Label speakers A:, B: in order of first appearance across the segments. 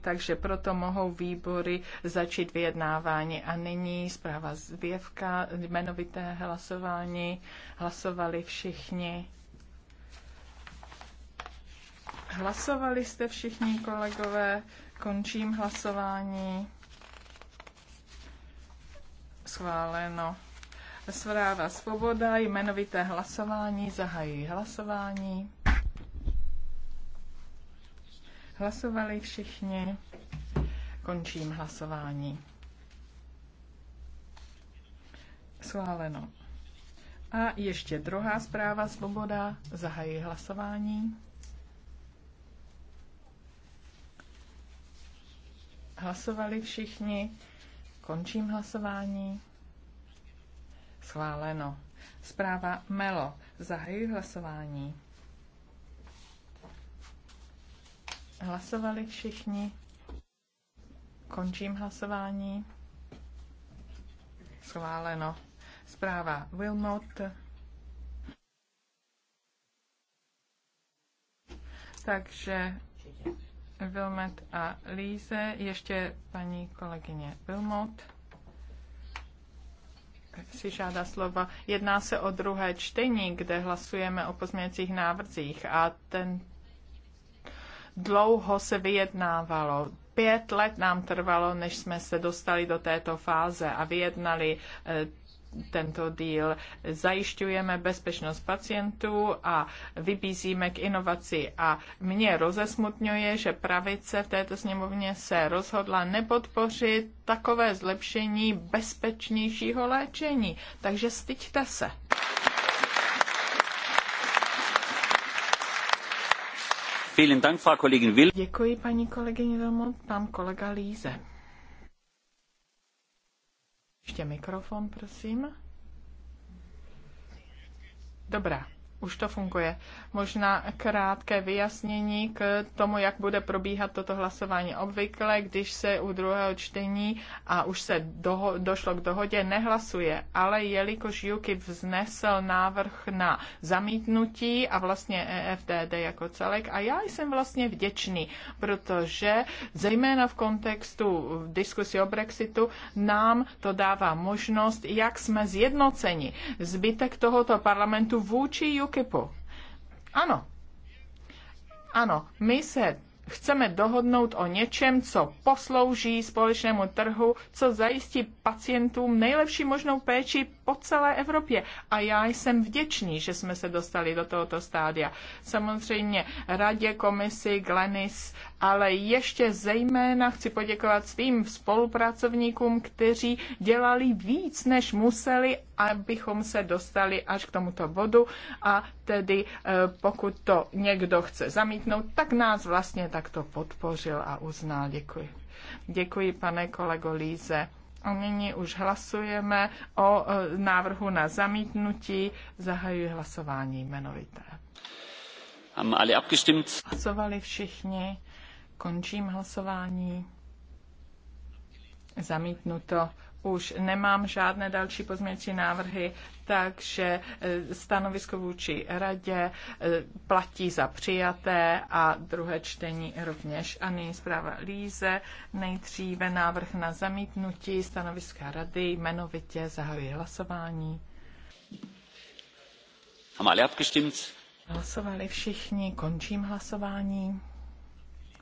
A: takže proto mohou výbory začít vyjednávání. A nyní zpráva z Věvka, jmenovité hlasování, hlasovali všichni. Hlasovali jste všichni kolegové, končím hlasování. Schváleno. Zpráva Svoboda, jmenovité hlasování, zahají hlasování. Hlasovali všichni. Končím hlasování. Schváleno. A ještě druhá zpráva Svoboda. Zahají hlasování. Hlasovali všichni. Končím hlasování. Schváleno. Zpráva Melo. Zahají hlasování. Hlasovali všichni. Končím hlasování. Schváleno. Zpráva Wilmot. Takže Wilmet a Líze, ještě paní kolegyně Wilmot si žádá slova. Jedná se o druhé čtení, kde hlasujeme o pozměňujících návrzích a ten Dlouho se vyjednávalo. Pět let nám trvalo, než jsme se dostali do této fáze a vyjednali eh, tento díl. Zajišťujeme bezpečnost pacientů a vybízíme k inovaci. A mě rozesmutňuje, že pravice v této sněmovně se rozhodla nepodpořit takové zlepšení bezpečnějšího léčení. Takže styďte se. Děkuji paní kolegyni Vilmont, pan kolega Líze. Ještě mikrofon, prosím. Dobrá. Už to funguje. Možná krátké vyjasnění k tomu, jak bude probíhat toto hlasování. Obvykle, když se u druhého čtení a už se doho- došlo k dohodě, nehlasuje, ale jelikož Juky vznesl návrh na zamítnutí a vlastně EFDD jako celek, a já jsem vlastně vděčný, protože zejména v kontextu diskusy diskusi o Brexitu nám to dává možnost, jak jsme zjednoceni. Zbytek tohoto parlamentu vůči Juky kipu. Ano, ano, my se chceme dohodnout o něčem, co poslouží společnému trhu, co zajistí pacientům nejlepší možnou péči po celé Evropě. A já jsem vděčný, že jsme se dostali do tohoto stádia. Samozřejmě radě, komisi, Glenis, ale ještě zejména chci poděkovat svým spolupracovníkům, kteří dělali víc, než museli, abychom se dostali až k tomuto bodu. A tedy eh, pokud to někdo chce zamítnout, tak nás vlastně tak takto podpořil a uznal. Děkuji. Děkuji, pane kolego Líze. A nyní už hlasujeme o e, návrhu na zamítnutí. Zahajuji hlasování jmenovité. Hlasovali všichni. Končím hlasování. Zamítnuto už nemám žádné další pozměňující návrhy, takže e, stanovisko vůči radě e, platí za přijaté a druhé čtení rovněž. A nyní zpráva Líze. Nejdříve návrh na zamítnutí stanoviska rady jmenovitě zahajuje hlasování. Hlasovali všichni, končím hlasování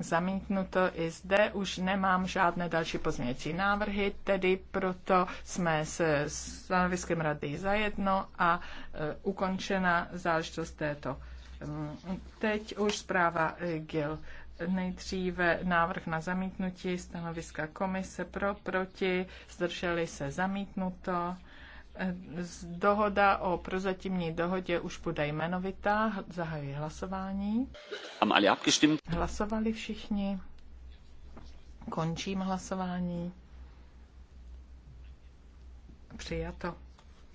A: zamítnuto i zde, už nemám žádné další pozměnící návrhy, tedy proto jsme se stanoviskem rady zajedno a e, ukončena záležitost této. Mm, teď už zpráva e, GIL. Nejdříve návrh na zamítnutí stanoviska komise pro, proti, zdrželi se zamítnuto. Dohoda o prozatímní dohodě už bude jmenovitá. Zahajuji hlasování. Hlasovali všichni. Končím hlasování. Přijato.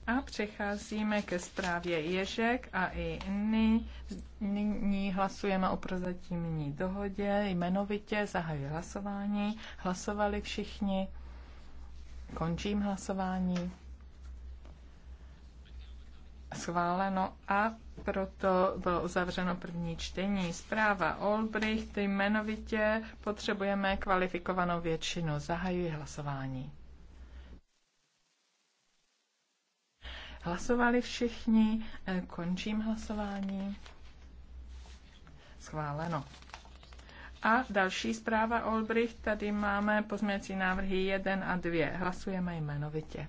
A: A přecházíme ke zprávě Ježek a i nyní, nyní hlasujeme o prozatímní dohodě. Jmenovitě zahajuji hlasování. Hlasovali všichni. Končím hlasování schváleno a proto bylo uzavřeno první čtení. Zpráva Olbricht jmenovitě potřebujeme kvalifikovanou většinu. Zahajuji hlasování. Hlasovali všichni, e, končím hlasování. Schváleno. A další zpráva Olbricht, tady máme pozměňovací návrhy 1 a 2. Hlasujeme jmenovitě.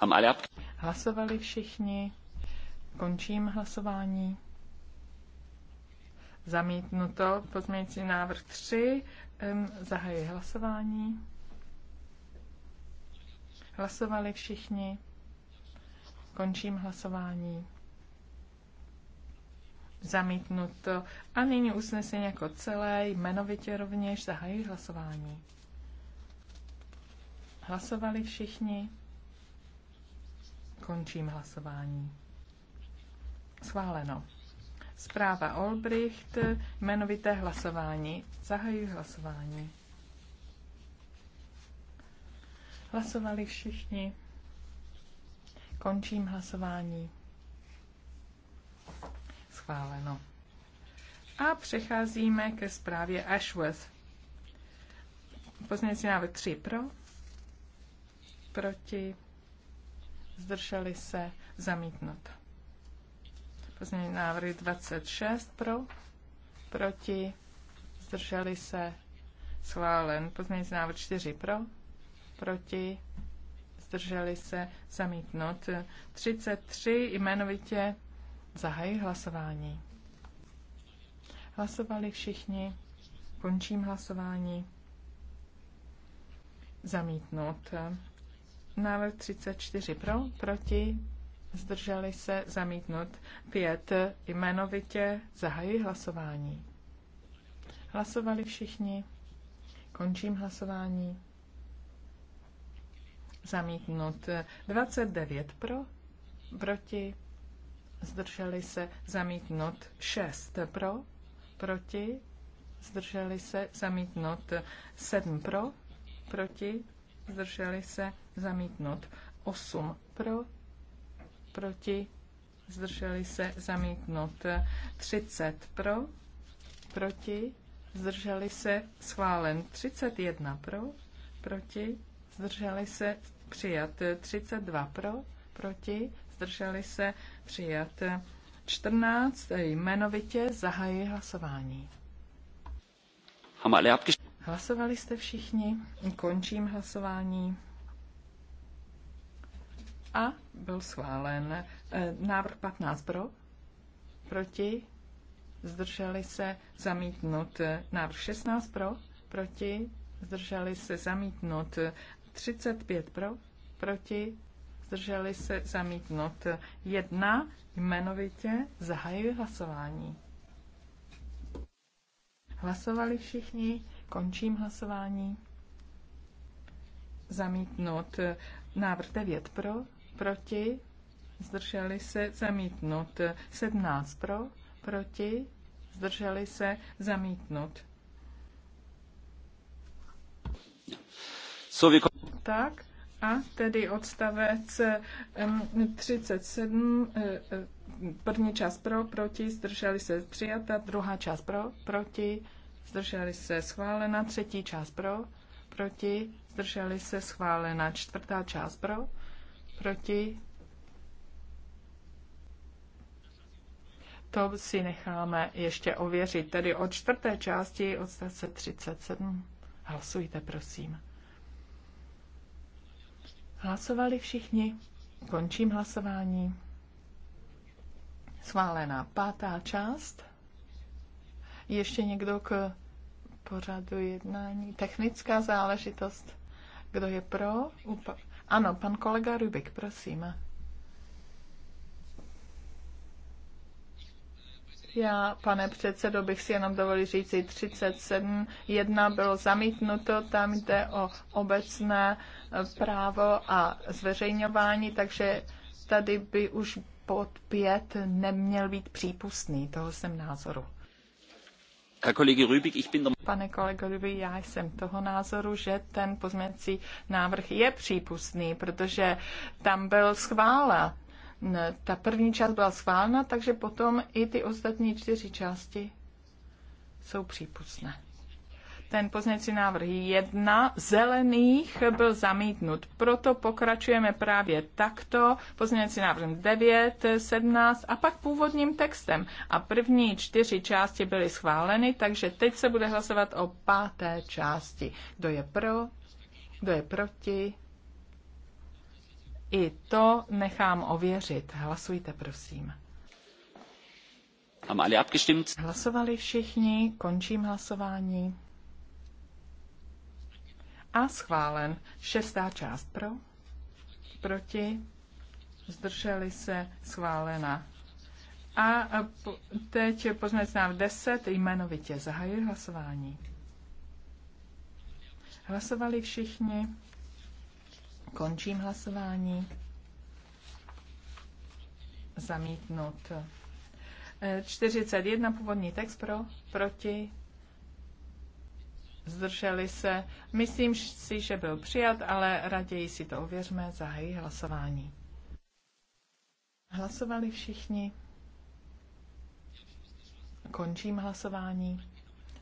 A: Am alle Hlasovali všichni. Končím hlasování. Zamítnuto. Pozměňující návrh 3. Zahají hlasování. Hlasovali všichni. Končím hlasování. Zamítnuto. A nyní usnesení jako celé, jmenovitě rovněž zahají hlasování. Hlasovali všichni. Končím hlasování. Schváleno. Zpráva Olbricht, jmenovité hlasování. Zahajuji hlasování. Hlasovali všichni. Končím hlasování. Schváleno. A přecházíme ke zprávě Ashworth. si návrh 3 pro, proti, zdrželi se, zamítnut. Pozměňovací návrhy 26 pro, proti, zdrželi se, schválen. Pozměňovací návrh 4 pro, proti, zdrželi se, zamítnut. 33 jmenovitě zahají hlasování. Hlasovali všichni, končím hlasování. Zamítnout. Návrh 34 pro, proti, zdrželi se, zamítnut. 5 jmenovitě, zahajuji hlasování. Hlasovali všichni, končím hlasování. Zamítnut 29 pro, proti, zdrželi se, zamítnut 6 pro, proti, zdrželi se, zamítnut 7 pro, proti, zdrželi se, zamítnut. 8 pro, proti, zdrželi se, zamítnut. 30 pro, proti, zdrželi se, schválen. 31 pro, proti, zdrželi se, přijat. 32 pro, proti, zdrželi se, přijat. 14 eh, jmenovitě zahají hlasování. Hlasovali jste všichni, končím hlasování. A byl schválen eh, návrh 15 pro, proti, zdrželi se zamítnut návrh 16 pro, proti, zdrželi se zamítnut 35 pro, proti, zdrželi se zamítnut 1 jmenovitě zahajuji hlasování. Hlasovali všichni, končím hlasování. Zamítnut návrh 9 pro, proti, zdrželi se, zamítnut. 17 pro, proti, zdrželi se, zamítnut. Tak a tedy odstavec 37, e, e, první část pro, proti, zdrželi se přijata, druhá část pro, proti, zdrželi se schválena, třetí část pro, proti, zdrželi se schválena, čtvrtá část pro, Proti? To si necháme ještě ověřit. Tedy od čtvrté části odstavce 37. Hlasujte, prosím. Hlasovali všichni. Končím hlasování. Schválená pátá část. Ještě někdo k pořadu jednání? Technická záležitost. Kdo je pro? Upa- ano, pan kolega Rubik, prosím. Já, pane předsedo, bych si jenom dovolil 37 37.1 bylo zamítnuto, tam jde o obecné právo a zveřejňování, takže tady by už pod pět neměl být přípustný, toho jsem názoru. Pane kolego Ruby, já jsem toho názoru, že ten pozměnící návrh je přípustný, protože tam byl schválen. Ta první část byla schválena, takže potom i ty ostatní čtyři části jsou přípustné ten pozněcí návrh 1 zelených byl zamítnut. Proto pokračujeme právě takto Pozněcí návrhem 9, 17 a pak původním textem. A první čtyři části byly schváleny, takže teď se bude hlasovat o páté části. Kdo je pro? Kdo je proti? I to nechám ověřit. Hlasujte, prosím. Hlasovali všichni, končím hlasování. A schválen. Šestá část pro, proti, zdrželi se, schválena. A teď poznat nám 10 jmenovitě. Zahajuji hlasování. Hlasovali všichni. Končím hlasování. Zamítnut. 41 e, původní text pro, proti, zdrželi se. Myslím si, že byl přijat, ale raději si to ověřme, zahají hlasování. Hlasovali všichni. Končím hlasování.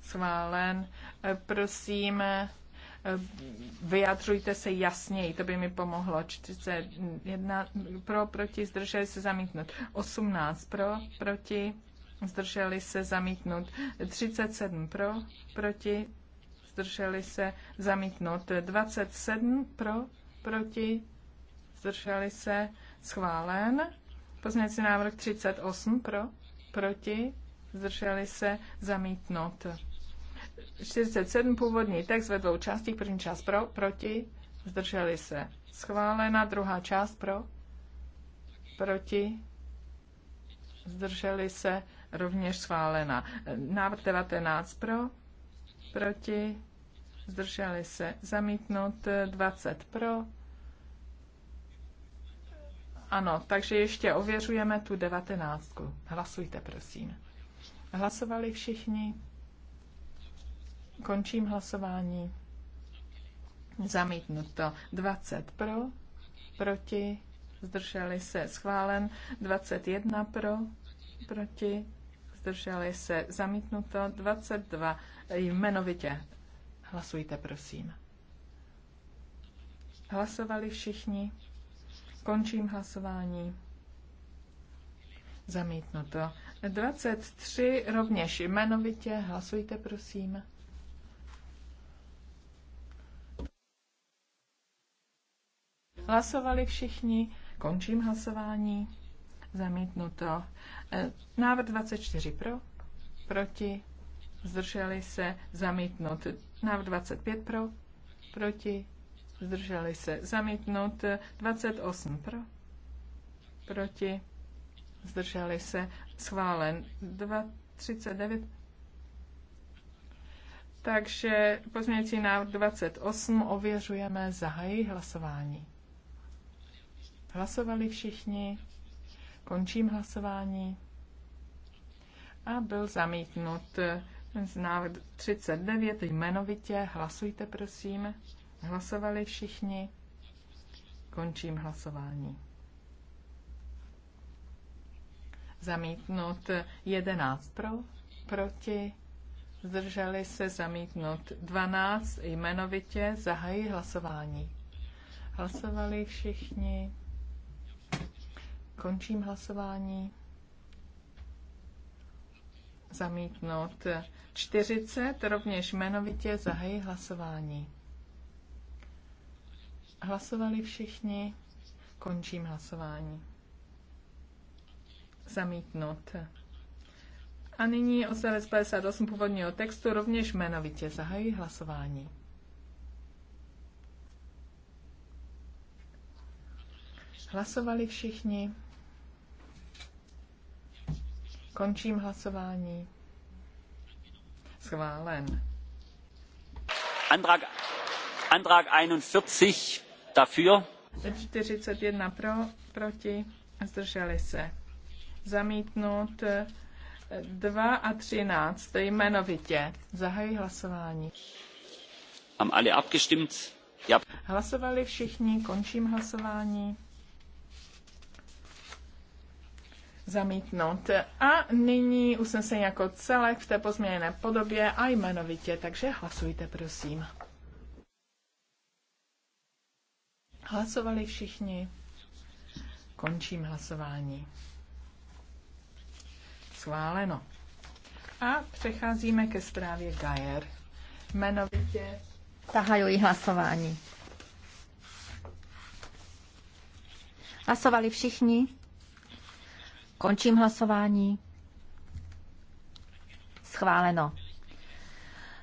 A: Schválen. Prosím, vyjadřujte se jasněji, to by mi pomohlo. 41 pro, proti, zdrželi se zamítnout. 18 pro, proti, zdrželi se zamítnout. 37 pro, proti, zdrželi se, zamítnout 27 pro, proti, zdrželi se, schválen. Pozměňovací návrh 38 pro, proti, zdrželi se, zamítnout 47 původní text ve dvou částích, první část pro, proti, zdrželi se, schválena, druhá část pro, proti, zdrželi se, rovněž schválena. Návrh 19 pro, proti, zdrželi se zamítnout 20 pro. Ano, takže ještě ověřujeme tu devatenáctku. Hlasujte, prosím. Hlasovali všichni? Končím hlasování. Zamítnuto. 20 pro, proti, zdrželi se schválen. 21 pro, proti, zdrželi se, zamítnuto 22, jmenovitě. Hlasujte, prosím. Hlasovali všichni. Končím hlasování. Zamítnuto. 23 rovněž jmenovitě. Hlasujte, prosím. Hlasovali všichni. Končím hlasování zamítnuto. E, návrh 24 pro, proti, zdrželi se, zamítnut. Návrh 25 pro, proti, zdrželi se, zamítnut. 28 pro, proti, zdrželi se, schválen. 39 takže pozměňující návrh 28 ověřujeme zahají hlasování. Hlasovali všichni, Končím hlasování. A byl zamítnut z návrh 39 jmenovitě. Hlasujte, prosím. Hlasovali všichni. Končím hlasování. Zamítnut 11 pro, proti, zdrželi se zamítnut 12 jmenovitě, zahají hlasování. Hlasovali všichni. Končím hlasování. Zamítnout 40, rovněž jmenovitě zahají hlasování. Hlasovali všichni, končím hlasování. Zamítnout. A nyní odstavec 58 původního textu rovněž jmenovitě zahají hlasování. Hlasovali všichni. Končím hlasování. Schválen.
B: Antrag, Antrag 41 dafür.
A: 41 pro, proti, zdrželi se. Zamítnout 2 eh, a 13 jmenovitě. Zahají hlasování.
B: Am alle abgestimmt? Ja.
A: Hlasovali všichni, končím hlasování. zamítnout. A nyní usnesení jako celek v té pozměněné podobě a jmenovitě, takže hlasujte, prosím. Hlasovali všichni. Končím hlasování. Schváleno. A přecházíme ke zprávě Gajer.
C: Jmenovitě. Zahajuji hlasování. Hlasovali všichni. Končím hlasování. Schváleno.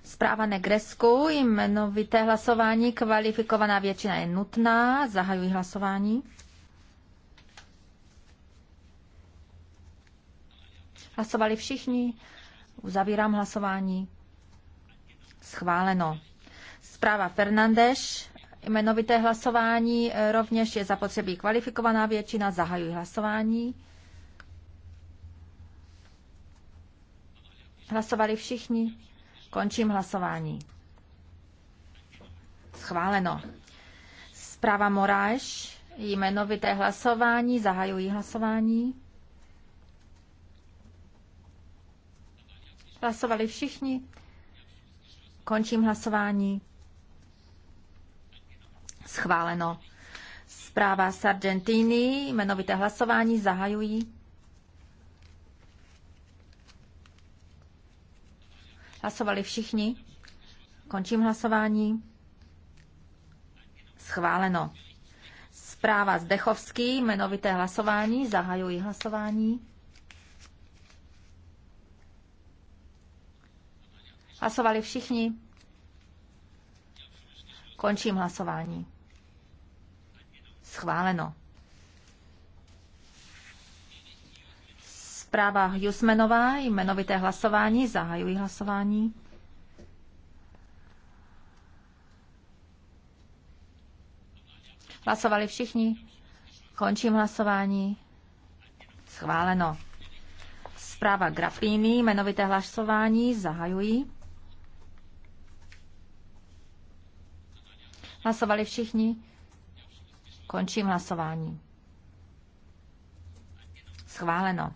C: Zpráva Negresku, jmenovité hlasování, kvalifikovaná většina je nutná. Zahajuji hlasování. Hlasovali všichni. Uzavírám hlasování. Schváleno. Zpráva Fernandeš, jmenovité hlasování, rovněž je zapotřebí kvalifikovaná většina. Zahajuji hlasování. Hlasovali všichni? Končím hlasování. Schváleno. Zpráva Moráš, jmenovité hlasování, zahajují hlasování. Hlasovali všichni? Končím hlasování. Schváleno. Zpráva Sargentini, jmenovité hlasování, zahajují. Hlasovali všichni. Končím hlasování. Schváleno. Zpráva Zdechovský, jmenovité hlasování. Zahajuji hlasování. Hlasovali všichni. Končím hlasování. Schváleno. Zpráva Jusmenová, jmenovité hlasování, zahajují hlasování. Hlasovali všichni? Končím hlasování. Schváleno. Zpráva Grafíny, jmenovité hlasování, zahajují. Hlasovali všichni? Končím hlasování. Schváleno.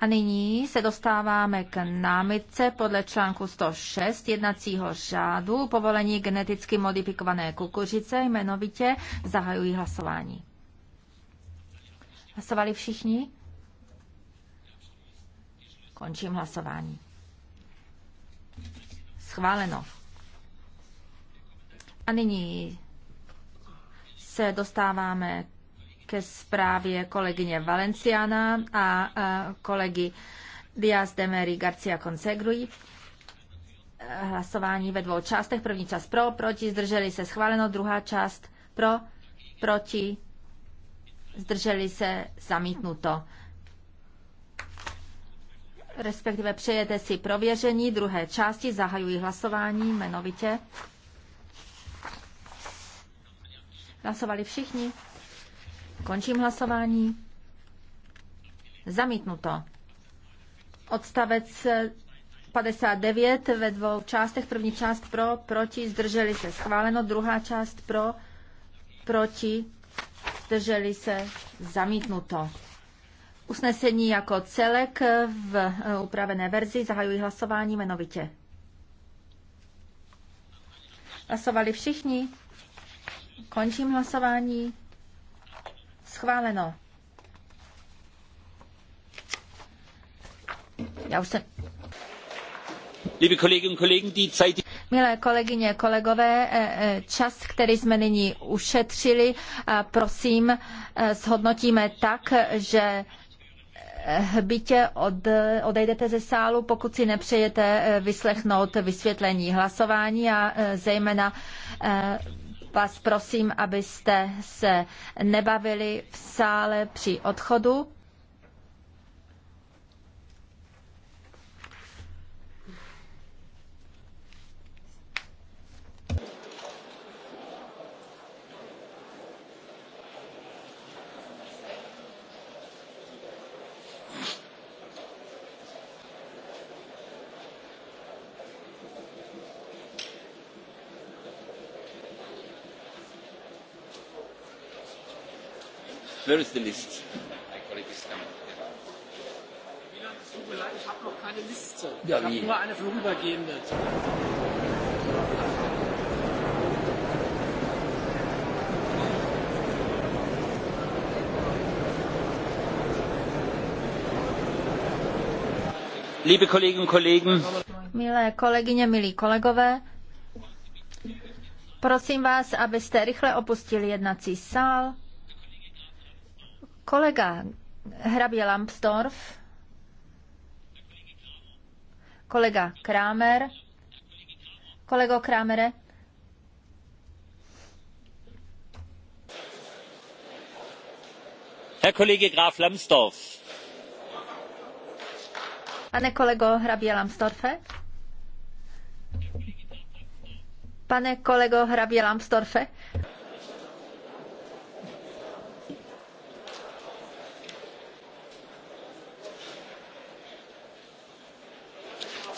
C: A nyní se dostáváme k námitce podle článku 106 jednacího řádu povolení geneticky modifikované kukuřice, jmenovitě zahajují hlasování. Hlasovali všichni? Končím hlasování. Schváleno. A nyní se dostáváme ke zprávě kolegyně Valenciana a kolegy Diaz de Mary Garcia Consegruy. Hlasování ve dvou částech. První část pro, proti, zdrželi se schváleno. Druhá část pro, proti, zdrželi se zamítnuto. Respektive přejete si prověření druhé části, zahajují hlasování jmenovitě. Hlasovali všichni. Končím hlasování. Zamítnuto. Odstavec 59 ve dvou částech. První část pro, proti, zdrželi se. Schváleno. Druhá část pro, proti, zdrželi se. Zamítnuto. Usnesení jako celek v upravené verzi. Zahajuji hlasování jmenovitě. Hlasovali všichni. Končím hlasování. Schváleno. Já už jsem...
B: Liebe Kolleginnen und Kollegen, die Zeit...
C: Milé kolegyně, kolegové, eh, eh, čas, který jsme nyní ušetřili, prosím, shodnotíme eh, tak, že bytě od, odejdete ze sálu, pokud si nepřejete vyslechnout vysvětlení hlasování a zejména vás prosím, abyste se nebavili v sále při odchodu.
B: ich habe noch keine Liste. Ja, ich habe nur eine vorübergehende. Liebe Kolleginnen und Kollegen,
C: Milé kolegyně, milí kolegové, prosím vás, abyste rychle opustili jednací sál. Kolega Hrabě Lambsdorff, kolega Kramer, kolego Kramere,
B: Herr Kollege Graf Lambsdorff.
C: Pane kolego Hrabě Lambsdorffe? Pane kolego Hrabě Lambsdorffe?